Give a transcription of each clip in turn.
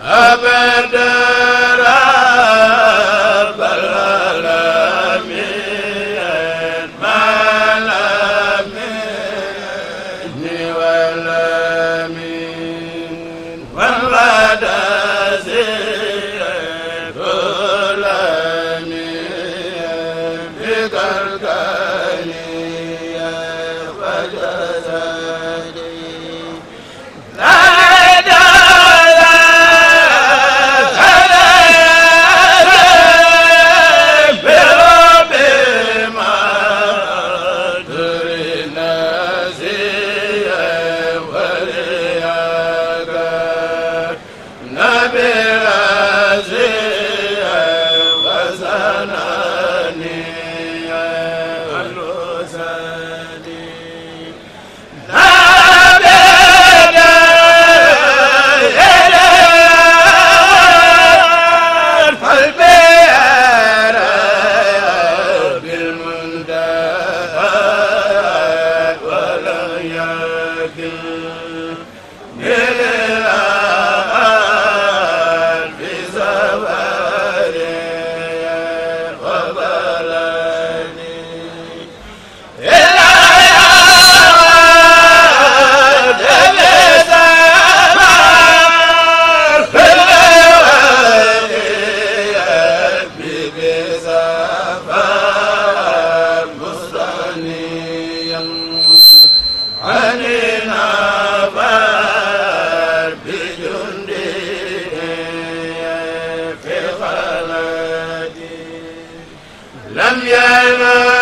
abada lam yanal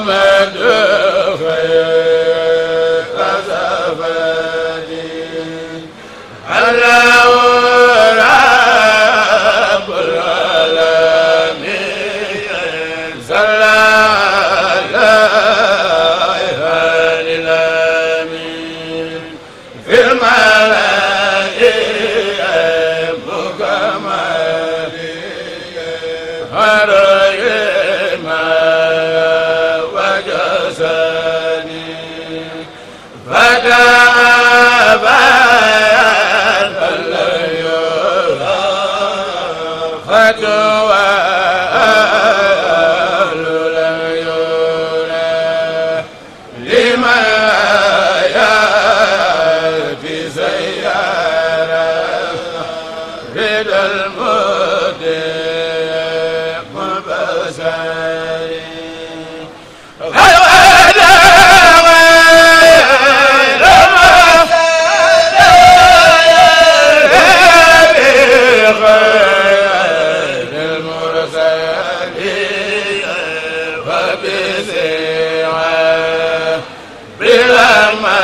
Muhammad بلا ما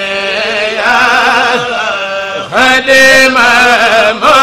ma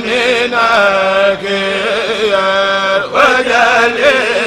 جنينك يا وجليل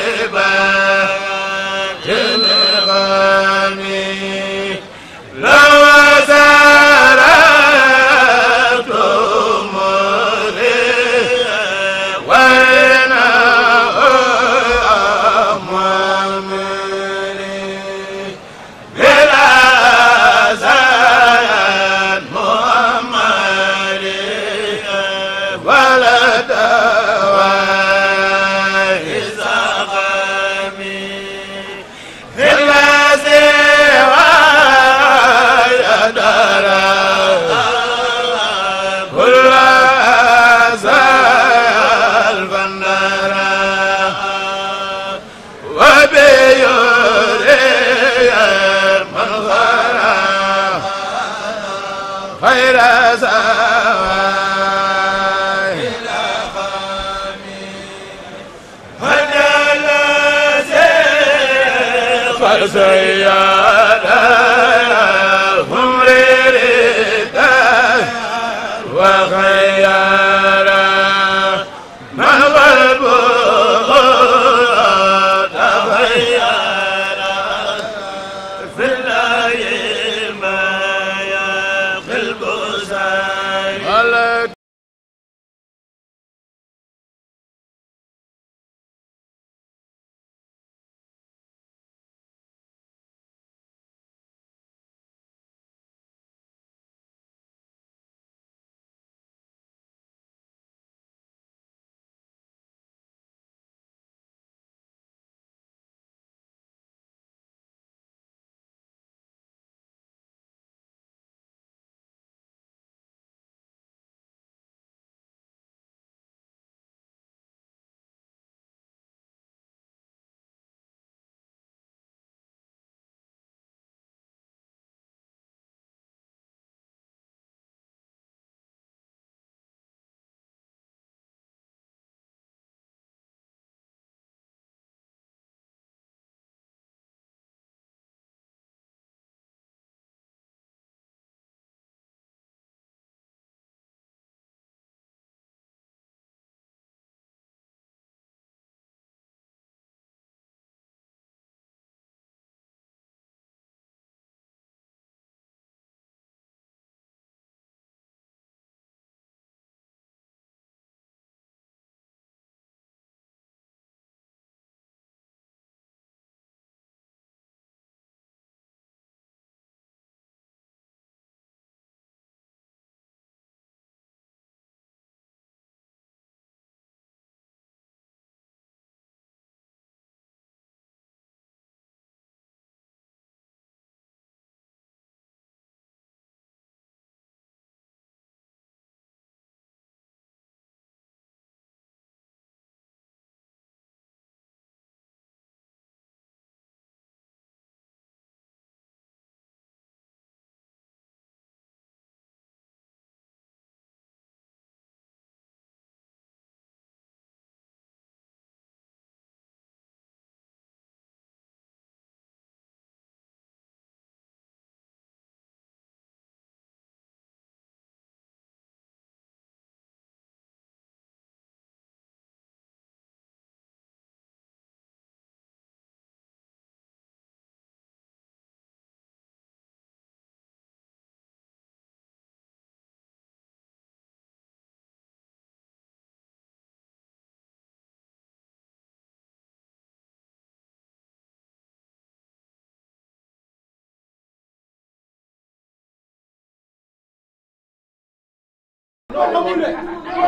sa loolu amul de